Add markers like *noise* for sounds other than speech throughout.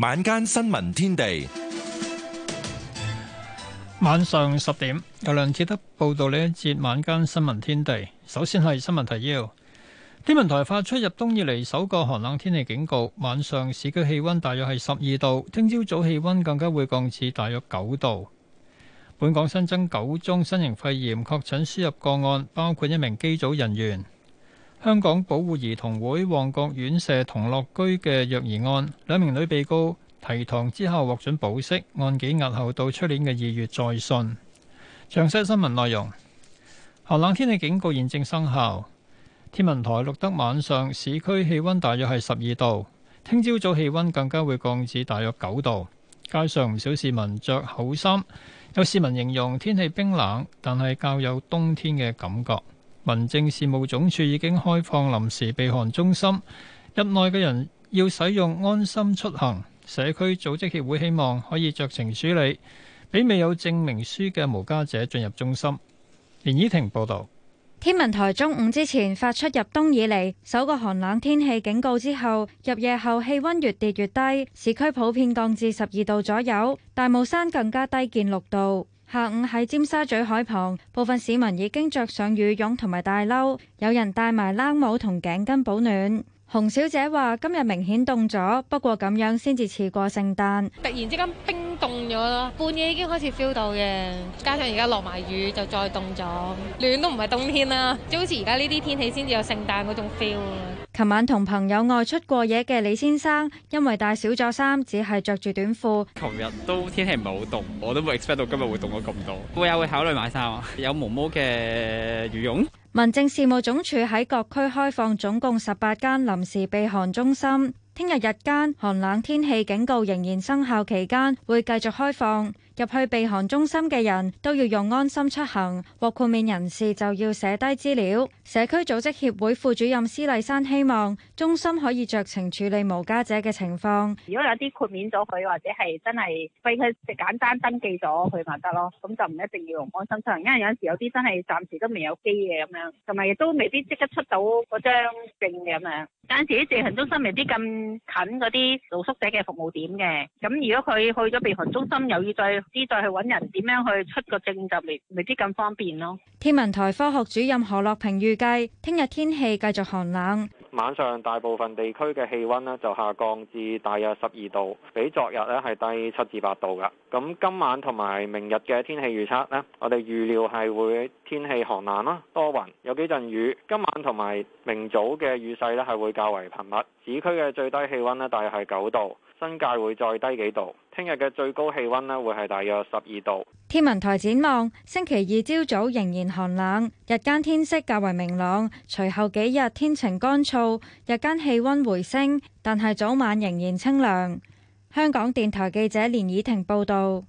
晚間新聞天地，晚上十點由梁志德報道呢一節晚間新聞天地。首先係新聞提要，天文台發出入冬以嚟首個寒冷天氣警告，晚上市區氣温大約係十二度，聽朝早,早氣温更加會降至大約九度。本港新增九宗新型肺炎確診輸入個案，包括一名機組人員。香港保護兒童會旺角院舍童樂居嘅虐兒案，兩名女被告提堂之後獲准保釋，案件押後到出年嘅二月再訊。詳細新聞內容。寒冷天氣警告現正生效，天文台錄得晚上市區氣温大約係十二度，聽朝早早氣温更加會降至大約九度。街上唔少市民着厚衫，有市民形容天氣冰冷，但係較有冬天嘅感覺。民政事務總署已經開放臨時避寒中心，入內嘅人要使用安心出行。社區組織協會希望可以酌情處理，俾未有證明書嘅無家者進入中心。連依婷報道。天文台中午之前發出入冬以嚟首個寒冷天氣警告之後，入夜後氣温越跌越低，市區普遍降至十二度左右，大帽山更加低見六度。下午喺尖沙咀海旁，部分市民已經着上羽絨同埋大褸，有人戴埋冷帽同頸巾保暖。洪小姐話：今日明顯凍咗，不過咁樣先至似過聖誕。突然之間冰凍咗咯，半夜已經開始 feel 到嘅，加上而家落埋雨就再凍咗，暖都唔係冬天啦，即好似而家呢啲天氣先至有聖誕嗰種 feel。琴晚同朋友外出過夜嘅李先生，因為帶少咗衫，只係着住短褲。琴日都天氣唔係好凍，我都冇 e x p 到今日會凍到咁多。會也會考慮買衫啊，有毛毛嘅羽絨。民政事務總署喺各區開放總共十八間臨時避寒中心，聽日日間寒冷天氣警告仍然生效期間，會繼續開放。入去避寒中心嘅人都要用安心出行，獲豁免人士就要寫低資料。社區組織協會副主任施麗珊希望中心可以酌情處理無家者嘅情況。如果有啲豁免咗佢，或者係真係俾佢簡單登記咗佢咪得咯？咁就唔一定要用安心出行。因為有陣時有啲真係暫時都未有機嘅咁樣，同埋亦都未必即刻出到嗰張證嘅咁樣。但有陣時啲避寒中心未必咁近嗰啲露宿者嘅服務點嘅，咁如果佢去咗避寒中心，又要再知道去揾人點樣去出個證，就未未必咁方便咯。天文台科學主任何樂平預計，聽日天，天氣繼續寒冷。晚上大部分地區嘅氣溫呢就下降至大約十二度，比昨日呢係低七至八度噶。咁今晚同埋明日嘅天氣預測呢，我哋預料係會天氣寒冷啦，多雲，有幾陣雨。今晚同埋明早嘅雨勢呢，係會較為頻密。市區嘅最低氣溫呢，大約係九度，新界會再低幾度。聽日嘅最高氣温咧，會係大約十二度。天文台展望星期二朝早仍然寒冷，日間天色較為明朗。隨後幾日天晴乾燥，日間氣温回升，但係早晚仍然清涼。香港電台記者連以婷報道：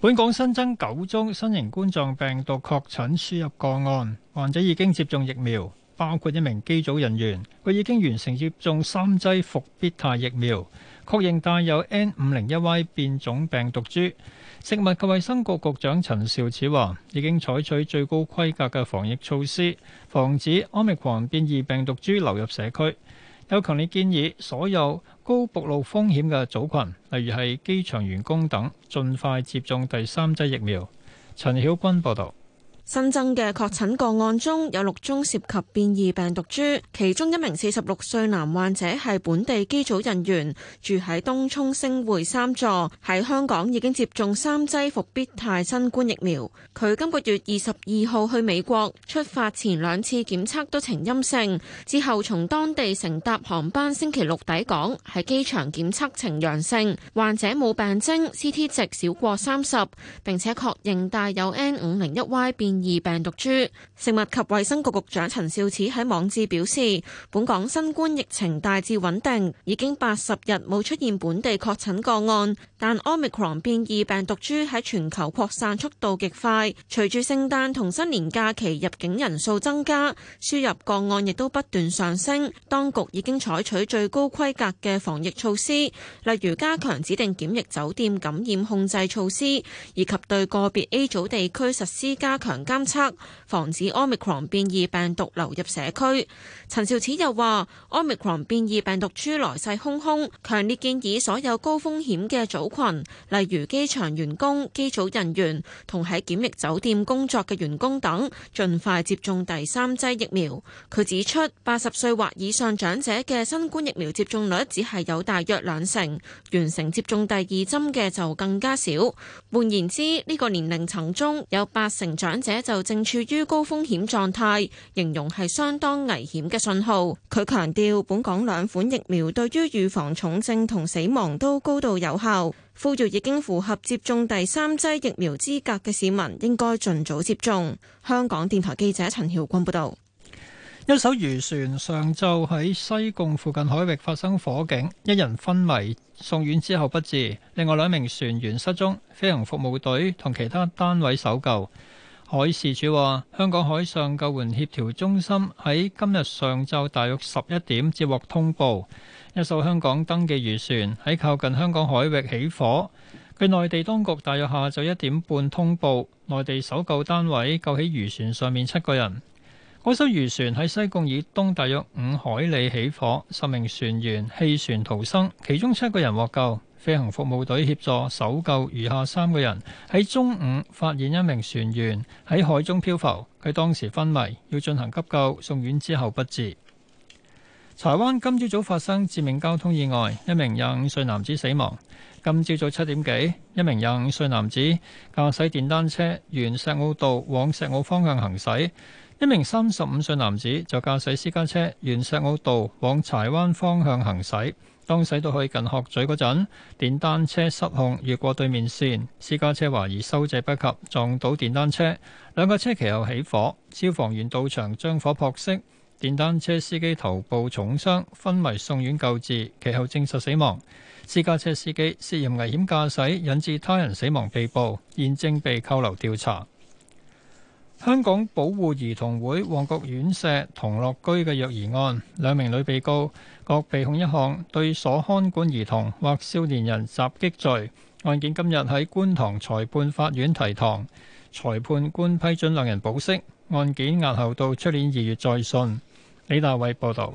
本港新增九宗新型冠狀病毒確診輸入個案，患者已經接種疫苗，包括一名機組人員，佢已經完成接種三劑復必泰疫苗。確認帶有 N 五零一 Y 變種病毒株，食物及衞生局局長陳肇始話：已經採取最高規格嘅防疫措施，防止奧密克戎變異病毒株流入社區。有強烈建議所有高暴露風險嘅組群，例如係機場員工等，盡快接種第三劑疫苗。陳曉君報導。新增嘅確診個案中有六宗涉及變異病毒株，其中一名四十六歲男患者係本地機組人員，住喺東涌星匯三座，喺香港已經接種三劑復必泰新冠疫苗。佢今個月二十二號去美國，出發前兩次檢測都呈陰性，之後從當地乘搭航班星期六抵港，喺機場檢測呈陽性。患者冇病徵，CT 值少過三十，並且確認帶有 N 五零一 Y 變變異病毒株，食物及衛生局局長陳肇始喺網誌表示，本港新冠疫情大致穩定，已經八十日冇出現本地確診個案。但 Omicron 變異病毒株喺全球擴散速度極快，隨住聖誕同新年假期入境人數增加，輸入個案亦都不斷上升。當局已經採取最高規格嘅防疫措施，例如加強指定檢疫酒店感染控制措施，以及對個別 A 組地區實施加強。監測防止 omicron 變異病毒流入社區。陳肇始又話：Omicron 變異病毒株來勢洶洶，強烈建議所有高風險嘅組群，例如機場員工、機組人員同喺檢疫酒店工作嘅員工等，盡快接種第三劑疫苗。佢指出，八十歲或以上長者嘅新冠疫苗接種率只係有大約兩成，完成接種第二針嘅就更加少。換言之，呢、這個年齡層中有八成長者。就正處於高風險狀態，形容係相當危險嘅信號。佢強調，本港兩款疫苗對於預防重症同死亡都高度有效。呼籲 *noise* 已經符合接種第三劑疫苗資格嘅市民應該盡早接種。香港電台記者陳曉君報道： *noise* 一艘漁船上晝喺西貢附近海域發生火警，一人昏迷送院之後不治，另外兩名船員失蹤。飛行服務隊同其他單位搜救。海事處話，香港海上救援協調中心喺今日上晝大約十一點接獲通報，一艘香港登記漁船喺靠近香港海域起火。據內地當局大約下晝一點半通報，內地搜救單位救起漁船上面七個人。嗰艘漁船喺西貢以東大約五海里起火，十名船員棄船逃生，其中七個人獲救。飛行服務隊協助搜救餘下三個人，喺中午發現一名船員喺海中漂浮，佢當時昏迷，要進行急救，送院之後不治。柴灣今朝早發生致命交通意外，一名廿五歲男子死亡。今朝早七點幾，一名廿五歲男子駕駛電單車沿石澳道往石澳方向行駛，一名三十五歲男子就駕駛私家車沿石澳道往柴灣方向行駛。當駛到去近鶴咀嗰陣，電單車失控越過對面線，私家車懷疑收掣不及，撞到電單車，兩架車其後起火，消防員到場將火撲熄。電單車司機頭部重傷，昏迷送院救治，其後證實死亡。私家車司機涉嫌危險駕駛，引致他人死亡被捕，現正被扣留調查。香港保護兒童會旺角院舍童樂居嘅虐兒案，兩名女被告各被控一項對所看管兒童或少年人襲擊罪。案件今日喺觀塘裁判法院提堂，裁判官批准兩人保釋，案件押後到出年二月再訊。李大偉報導。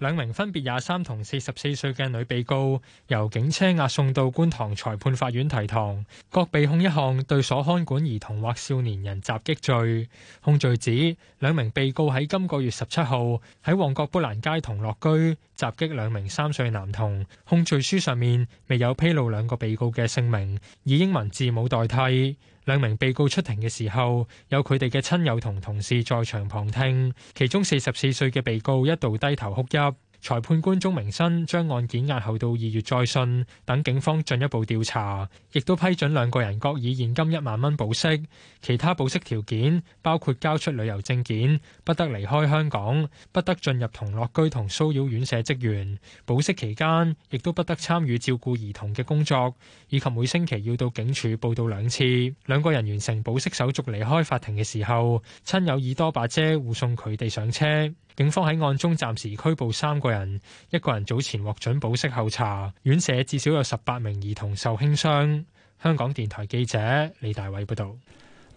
兩名分別廿三同四十四歲嘅女被告，由警車押送到觀塘裁判法院提堂，各被控一項對所看管兒童或少年人襲擊罪。控罪指兩名被告喺今個月十七號喺旺角砵蘭街同樂居襲擊兩名三歲男童。控罪書上面未有披露兩個被告嘅姓名，以英文字母代替。兩名被告出庭嘅時候，有佢哋嘅親友同同事在場旁聽，其中四十四歲嘅被告一度低頭哭泣。裁判官鍾明新將案件押後到二月再訊，等警方進一步調查，亦都批准兩個人各以現金一萬蚊保釋。其他保釋條件包括交出旅遊證件、不得離開香港、不得進入同樂居同騷擾院舍職員。保釋期間，亦都不得參與照顧兒童嘅工作，以及每星期要到警署報到兩次。兩個人完成保釋手續離開法庭嘅時候，親友以多把遮護送佢哋上車。警方喺案中暫時拘捕三個人，一個人早前獲准保釋候查。院舍至少有十八名兒童受輕傷。香港電台記者李大偉報導。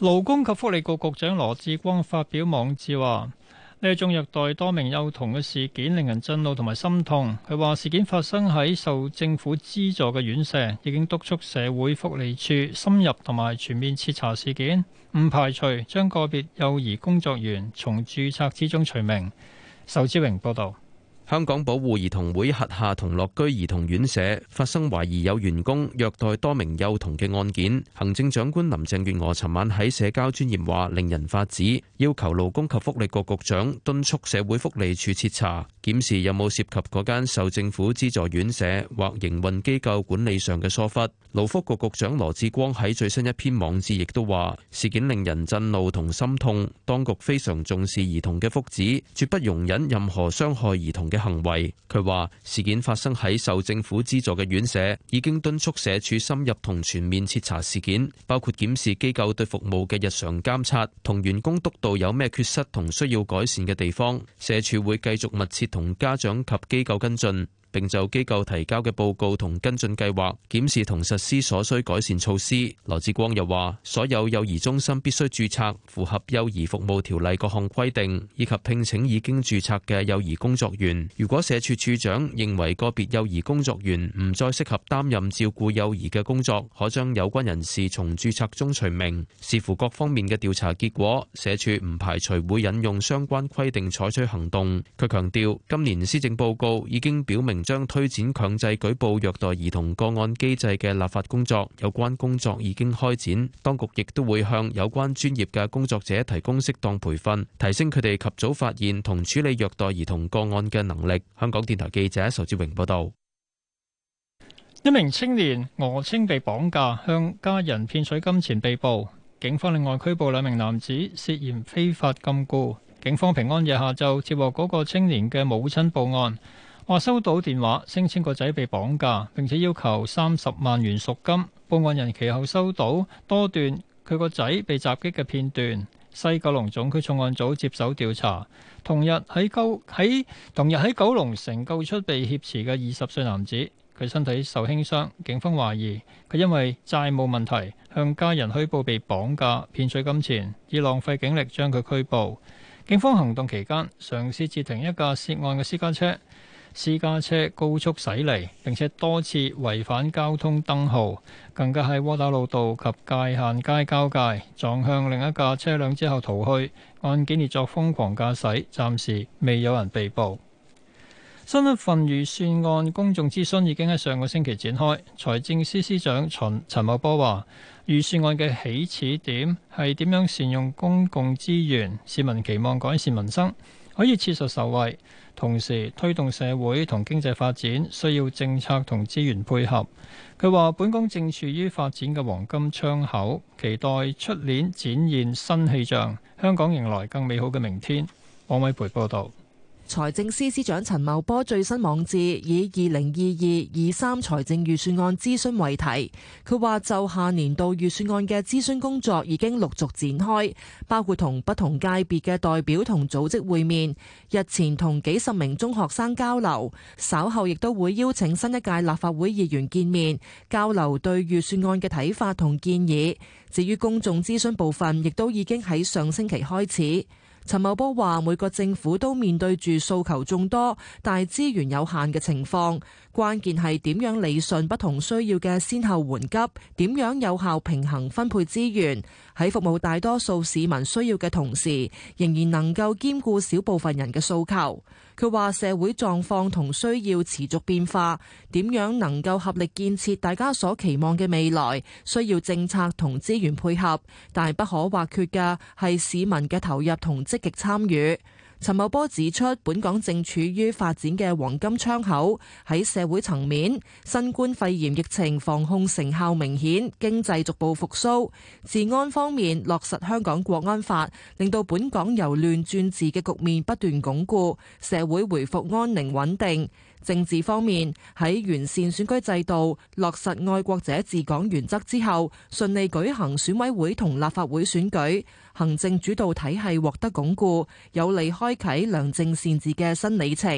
勞工，局局局勞工及福利局局長羅致光發表網誌話：呢宗虐待多名幼童嘅事件令人震怒同埋心痛。佢話事件發生喺受政府資助嘅院舍，已經督促社會福利署深入同埋全面徹查事件，唔排除將個別幼兒工作員從註冊之中除名。仇志榮報道。香港保護兒童會轄下童樂居兒童院舍發生懷疑有員工虐待多名幼童嘅案件，行政長官林鄭月娥尋晚喺社交專頁話令人髮指，要求勞工及福利局局長敦促社會福利處徹查，檢視有冇涉及嗰間受政府資助院舍或營運機構管理上嘅疏忽。勞福局局長羅致光喺最新一篇網誌亦都話，事件令人震怒同心痛，當局非常重視兒童嘅福祉，絕不容忍任何傷害兒童。嘅行為，佢話事件發生喺受政府資助嘅院舍，已經敦促社署深入同全面徹查事件，包括檢視機構對服務嘅日常監察同員工督導有咩缺失同需要改善嘅地方，社署會繼續密切同家長及機構跟進。並就機構提交嘅報告同跟進計劃，檢視同實施所需改善措施。羅志光又話：所有幼兒中心必須註冊，符合幼兒服務條例各項規定，以及聘請已經註冊嘅幼兒工作員。如果社署署長認為個別幼兒工作員唔再適合擔任照顧幼兒嘅工作，可將有關人士從註冊中除名。視乎各方面嘅調查結果，社署唔排除會引用相關規定採取行動。佢強調，今年施政報告已經表明。將推展強制舉報虐待兒童個案機制嘅立法工作，有關工作已經開展，當局亦都會向有關專業嘅工作者提供適當培訓，提升佢哋及早發現同處理虐待兒童個案嘅能力。香港電台記者仇志榮報道。一名青年訛稱被綁架，向家人騙取金錢被捕，警方另外拘捕兩名男子涉嫌非法禁錮。警方平安夜下晝接獲嗰個青年嘅母親報案。話收到電話聲稱個仔被綁架，並且要求三十萬元贖金。報案人其後收到多段佢個仔被襲擊嘅片段。西九龍總區重案組接手調查。同日喺九喺同日喺九龍城救出被挾持嘅二十歲男子，佢身體受輕傷。警方懷疑佢因為債務問題向家人虛報被綁架，騙取金錢，以浪費警力將佢拘捕。警方行動期間嘗試截停一架涉案嘅私家車。私家車高速駛嚟，並且多次違反交通燈號，更加喺窩打老道及界限街交界撞向另一架車輛之後逃去。案件列作瘋狂駕駛，暫時未有人被捕。新一份預算案公眾諮詢已經喺上個星期展開。財政司司長陳陳茂波話：預算案嘅起始點係點樣善用公共資源，市民期望改善民生。可以切實受惠，同時推動社會同經濟發展，需要政策同資源配合。佢話：本港正處於發展嘅黃金窗口，期待出年展現新氣象，香港迎來更美好嘅明天。王偉培報導。財政司司長陳茂波最新網誌以二零二二二三財政預算案諮詢為題，佢話就下年度預算案嘅諮詢工作已經陸續展開，包括同不同界別嘅代表同組織會面，日前同幾十名中學生交流，稍後亦都會邀請新一屆立法會議員見面交流對預算案嘅睇法同建議。至於公眾諮詢部分，亦都已經喺上星期開始。陳茂波話：每個政府都面對住訴求眾多，但係資源有限嘅情況。關鍵係點樣理順不同需要嘅先後緩急，點樣有效平衡分配資源，喺服務大多數市民需要嘅同時，仍然能夠兼顧少部分人嘅訴求。佢話社會狀況同需要持續變化，點樣能夠合力建設大家所期望嘅未來，需要政策同資源配合，但係不可或缺嘅係市民嘅投入同積極參與。陳茂波指出，本港正處於發展嘅黃金窗口。喺社會層面，新冠肺炎疫情防控成效明顯，經濟逐步復甦。治安方面，落實香港國安法，令到本港由亂轉治嘅局面不斷鞏固，社會回復安寧穩定。政治方面，喺完善選舉制度、落實愛國者治港原則之後，順利舉行選委會同立法會選舉。行政主導體系獲得鞏固，有利開啟良政善治嘅新里程。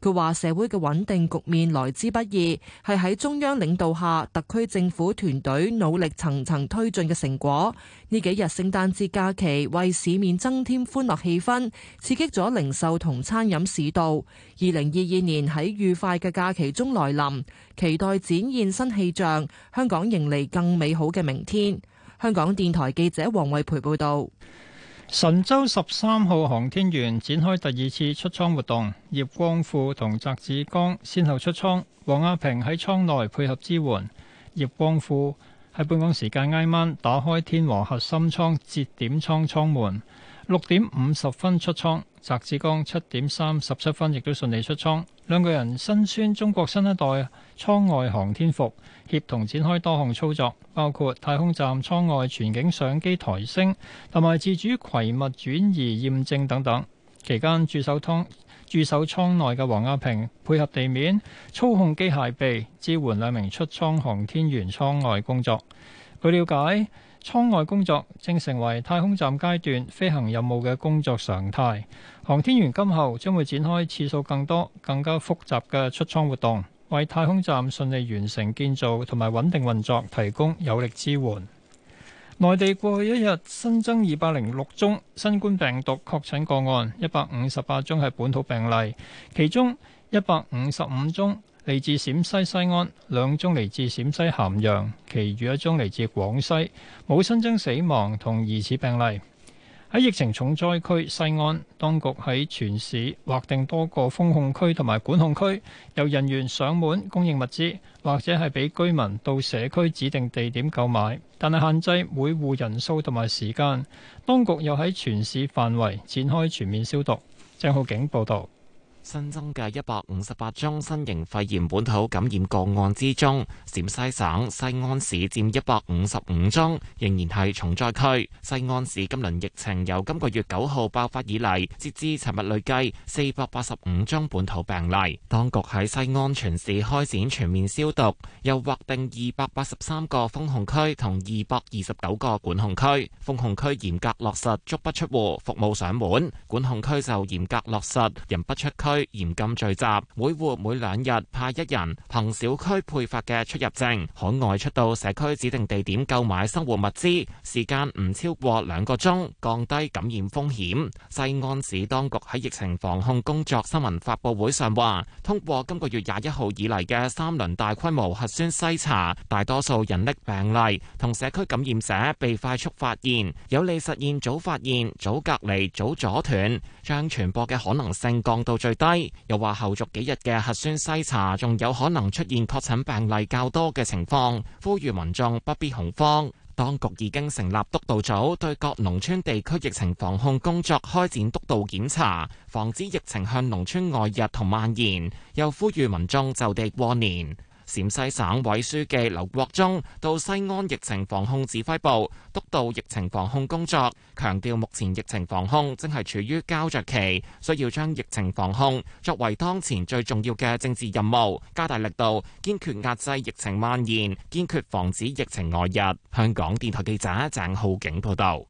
佢話：社會嘅穩定局面來之不易，係喺中央領導下，特區政府團隊努力層層推進嘅成果。呢幾日聖誕節假期為市面增添歡樂氣氛，刺激咗零售同餐飲市道。二零二二年喺愉快嘅假期中來臨，期待展現新氣象，香港迎嚟更美好嘅明天。香港電台記者王慧培報道：神舟十三號航天員展開第二次出艙活動，葉光富同翟志剛先後出艙，王亞平喺艙內配合支援。葉光富喺本港時間挨晚打開天和核心艙節點艙艙門。六點五十分出艙，翟志剛七點三十七分亦都順利出艙。兩個人身穿中國新一代艙外航天服，協同展開多項操作，包括太空站艙外全景相機抬升，同埋自主攜物轉移驗證等等。期間駐守艙駐守艙內嘅王亞平配合地面操控機械臂，支援兩名出艙航天員艙外工作。據了解，艙外工作正成為太空站階段飛行任務嘅工作常態。航天員今後將會展開次數更多、更加複雜嘅出艙活動，為太空站順利完成建造同埋穩定運作提供有力支援。內地過去一日新增二百零六宗新冠病毒確診個案，一百五十八宗係本土病例，其中一百五十五宗。嚟自陝西西安，兩宗，嚟自陝西咸陽，其餘一宗嚟自廣西，冇新增死亡同疑似病例。喺疫情重災區西安，當局喺全市劃定多個封控區同埋管控區，由人員上門供應物資，或者係俾居民到社區指定地點購買，但係限制每戶人數同埋時間，當局又喺全市範圍展開全面消毒。鄭浩景報道。新增嘅一百五十八宗新型肺炎本土感染個案之中，陝西省西安市佔一百五十五宗，仍然係重災區。西安市今輪疫情由今個月九號爆發以嚟，截至尋日累計四百八十五宗本土病例。當局喺西安全市開展全面消毒，又劃定二百八十三個封控區同二百二十九個管控區。封控區嚴格落實足不出戶、服務上門；管控區就嚴格落實人不出區。嚴禁聚集，每戶每兩日派一人憑小區配發嘅出入證，可外出到社區指定地點購買生活物資，時間唔超過兩個鐘，降低感染風險。西安市當局喺疫情防控工作新聞發布會上話，通過今個月廿一號以嚟嘅三輪大規模核酸篩查，大多數人力病例同社區感染者被快速發現，有利實現早發現、早隔離、早阻斷，將傳播嘅可能性降到最低。又話後續幾日嘅核酸篩查仲有可能出現確診病例較多嘅情況，呼籲民眾不必恐慌。當局已經成立督導組，對各農村地區疫情防控工作開展督導檢查，防止疫情向農村外溢同蔓延。又呼籲民眾就地過年。陝西省委書記劉國中到西安疫情防控指揮部督導疫情防控工作，強調目前疫情防控正係處於膠着期，需要將疫情防控作為當前最重要嘅政治任務，加大力度，堅決壓制疫情蔓延，堅決防止疫情外溢。香港電台記者鄭浩景報道。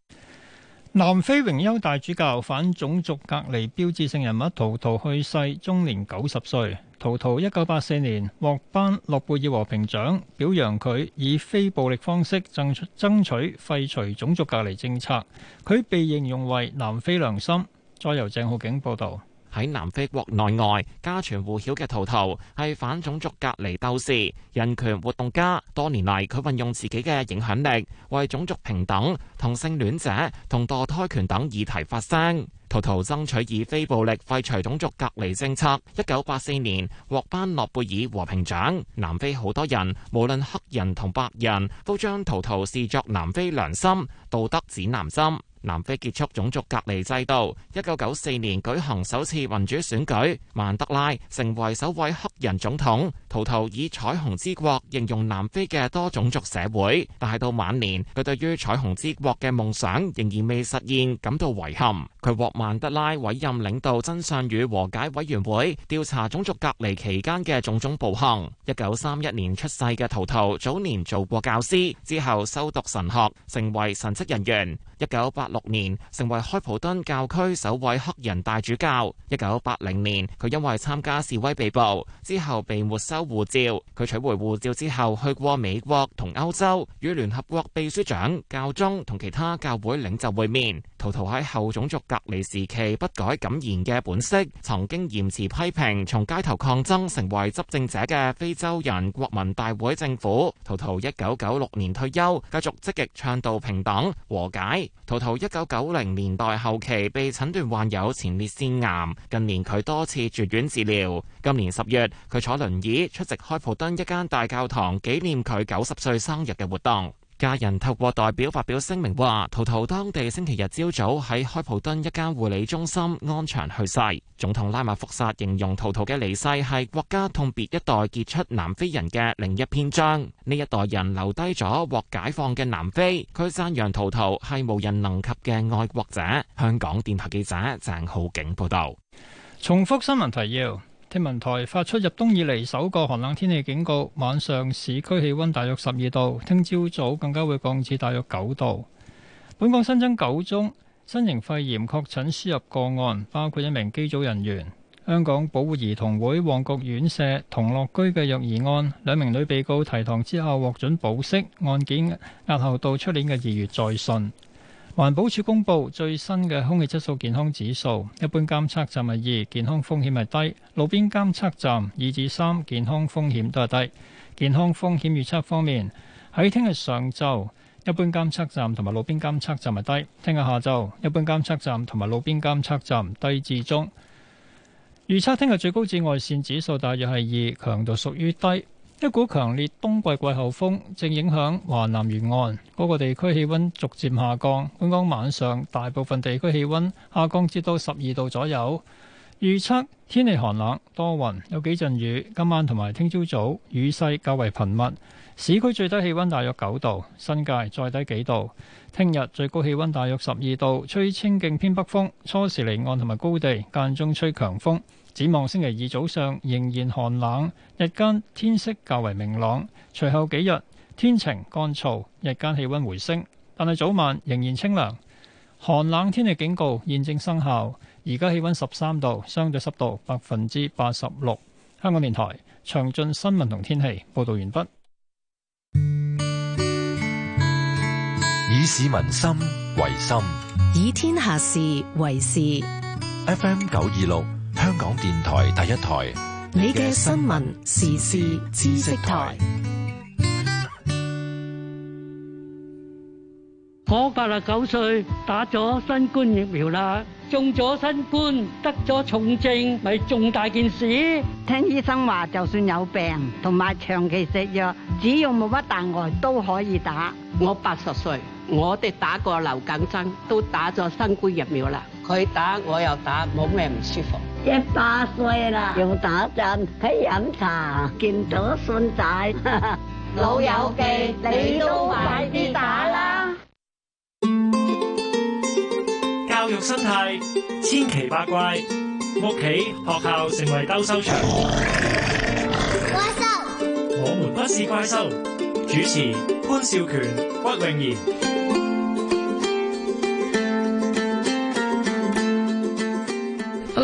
南非榮休大主教反種族隔離標誌性人物圖圖去世，終年九十歲。圖圖一九八四年獲頒諾貝爾和平獎，表揚佢以非暴力方式爭取爭取廢除種族隔離政策。佢被形容為南非良心。再由鄭浩景報導。喺南非國內外家傳戶曉嘅圖圖係反種族隔離鬥士、人權活動家。多年嚟，佢運用自己嘅影響力為種族平等、同性戀者同墮胎權等議題發聲。圖圖爭取以非暴力廢除種族隔離政策。一九八四年獲頒諾貝爾和平獎。南非好多人，無論黑人同白人，都將圖圖視作南非良心、道德指南針。南非結束種族隔離制度，一九九四年舉行首次民主選舉，曼德拉成為首位黑人總統。圖圖以彩虹之國形容南非嘅多種族社會，但係到晚年，佢對於彩虹之國嘅夢想仍然未實現，感到遺憾。佢獲曼德拉委任領導真相與和解委員會，調查種族隔離期間嘅種種暴行。一九三一年出世嘅圖圖，早年做過教師，之後修讀神學，成為神職人員。一九八六年成為開普敦教區首位黑人大主教。一九八零年，佢因為參加示威被捕，之後被沒收護照。佢取回護照之後，去過美國同歐洲，與聯合國秘書長、教宗同其他教會領袖會面。陶陶喺後種族隔離時期不改敢言嘅本色，曾經嚴詞批評，從街頭抗爭成為執政者嘅非洲人國民大會政府。陶陶一九九六年退休，繼續積極倡導平等和解。陶陶一九九零年代後期被診斷患有前列腺癌，近年佢多次住院治療。今年十月，佢坐輪椅出席開普敦一間大教堂紀念佢九十歲生日嘅活動。家人透過代表發表聲明話，圖圖當地星期日朝早喺開普敦一間護理中心安詳去世。總統拉馬福薩形容圖圖嘅離世係國家同別一代傑出南非人嘅另一篇章。呢一代人留低咗獲解放嘅南非。佢讚揚圖圖係無人能及嘅愛國者。香港電台記者鄭浩景報道。重複新聞提要。天文台發出入冬以嚟首個寒冷天氣警告，晚上市區氣温大約十二度，聽朝早,早更加會降至大約九度。本港新增九宗新型肺炎確診輸入個案，包括一名機組人員。香港保護兒童會旺角院舍同樂居嘅虐兒案，兩名女被告提堂之後獲准保釋，案件押後到出年嘅二月再訊。環保署公布最新嘅空氣質素健康指數，一般監測站係二，健康風險係低；路邊監測站二至三，3, 健康風險都係低。健康風險預測方面，喺聽日上晝，一般監測站同埋路邊監測站係低；聽日下晝，一般監測站同埋路邊監測站低至中。預測聽日最高紫外線指數大約係二，強度屬於低。一股強烈冬季季候風正影響華南沿岸，嗰、那個地區氣温逐漸下降。本港晚上大部分地區氣温下降至到十二度左右。預測天氣寒冷多雲，有幾陣雨。今晚同埋聽朝早雨勢較為頻密。市區最低氣温大約九度，新界再低幾度。聽日最高氣温大約十二度，吹清勁偏北風，初時離岸同埋高地間中吹強風。展望星期二早上仍然寒冷，日間天色較為明朗。隨後幾日天晴乾燥，日間氣溫回升，但係早晚仍然清涼。寒冷天氣警告現正生效。而家氣溫十三度，相對濕度百分之八十六。香港電台詳盡新聞同天氣報道完畢。以市民心為心，以天下事為事。F.M. 九二六。香港電台第一台，你嘅新聞時事知識台。我八十九歲，打咗新冠疫苗啦，中咗新冠，得咗重症，咪重大件事。聽醫生話，就算有病同埋長期食藥，只要冇乜大礙都可以打。我八十歲，我哋打過流感針，都打咗新冠疫苗啦。佢打，我又打，冇咩唔舒服。一百歲啦，用打針，睇飲茶，見到孫仔，老友記你都快啲打啦！教育生態千奇百怪，屋企學校成為鬥獸場。怪獸，我們不是怪獸。主持潘少權、屈穎妍。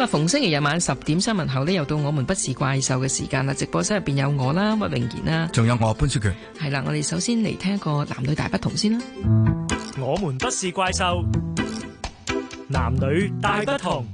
逢星期日晚十點新聞後咧，又到我們不是怪獸嘅時間啦！直播室入邊有我啦，屈穎妍啦，仲有我潘少權。係啦，我哋首先嚟聽一個男女大不同先啦。我們不是怪獸，男女大不同。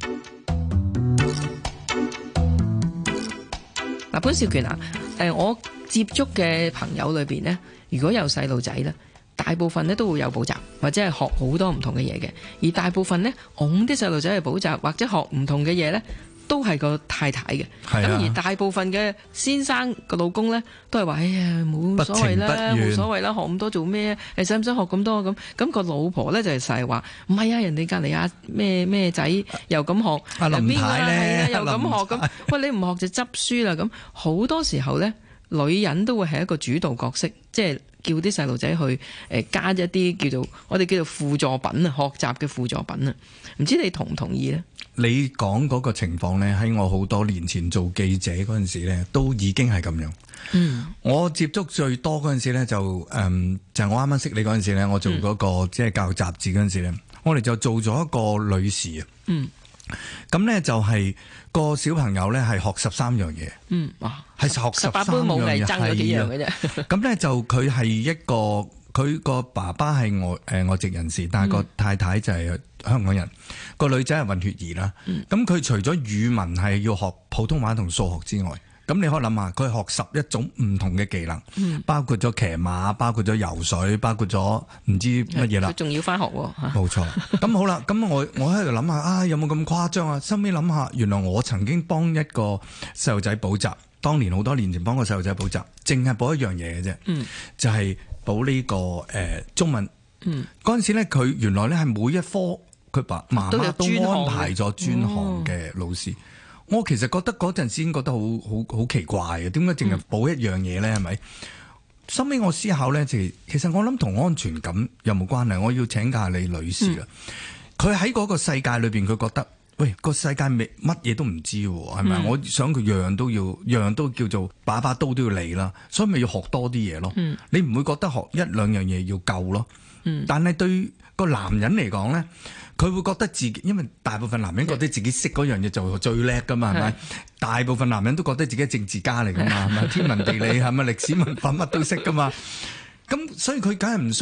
嗱，潘少權啊，誒，我接觸嘅朋友裏邊咧，如果有細路仔咧，大部分咧都會有補習。或者係學好多唔同嘅嘢嘅，而大部分呢，㧬啲細路仔去補習或者學唔同嘅嘢呢，都係個太太嘅。咁是、啊、而大部分嘅先生個老公呢，都係話，哎呀，冇所謂啦，冇所謂啦，學咁多做咩？誒，使唔使學咁多？咁咁個老婆呢，就係成日話，唔係啊，人哋隔籬阿咩咩仔又咁學，阿、啊、林太又咁、啊啊啊、學咁。喂林太、嗯，你唔學就執輸啦。咁好多時候呢，女人都會係一個主導角色，即係。叫啲細路仔去誒加一啲叫做我哋叫做輔助品啊，學習嘅輔助品啊，唔知你同唔同意咧？你講嗰個情況咧，喺我好多年前做記者嗰陣時咧，都已經係咁樣。嗯，我接觸最多嗰陣時咧，就誒、嗯、就係、是、我啱啱識你嗰陣時咧，我做嗰個即係教育雜誌嗰陣時咧，我哋就做咗一個女士啊。嗯。咁呢就係個小朋友呢，係學十三樣嘢。嗯，係學十,三樣十,十八般武藝，爭咗是幾樣嘅啫。咁 *laughs* 咧就佢係一個，佢個爸爸係外誒、呃、外籍人士，但係個太太就係香港人。嗯、個女仔係混血兒啦。咁佢、嗯、除咗語文係要學普通話同數學之外。咁你可以諗下，佢係學十一種唔同嘅技能，嗯、包括咗騎馬，包括咗游水，包括咗唔知乜嘢啦。仲、嗯、要翻學，冇錯錯。咁 *laughs* 好啦，咁我我喺度諗下，啊、哎、有冇咁誇張啊？收尾諗下，原來我曾經幫一個細路仔補習，當年好多年前幫個細路仔補習，淨係補一樣嘢嘅啫，嗯、就係補呢個誒、呃、中文。嗯，嗰陣時咧，佢原來呢係每一科佢爸媽媽都安排咗專項嘅老師。哦哦我其實覺得嗰陣時已經覺得好好好奇怪嘅，點解淨係補一樣嘢咧？係咪、嗯？後尾我思考咧，就其實我諗同安全感有冇關係？我要請教你女士啦。佢喺嗰個世界裏邊，佢覺得喂個世界乜嘢都唔知喎，係咪？嗯、我想佢樣樣都要，樣樣都叫做把把刀都要嚟啦，所以咪要學多啲嘢咯。嗯、你唔會覺得學一兩樣嘢要夠咯？嗯、但係對個男人嚟講咧。佢會覺得自己，因為大部分男人覺得自己識樣嘢，就最叻噶嘛，係咪的？大部分男人都覺得自己係政治家嚟噶嘛，的天文地理係咪歷史文化乜都識噶嘛？咁所以佢梗係唔～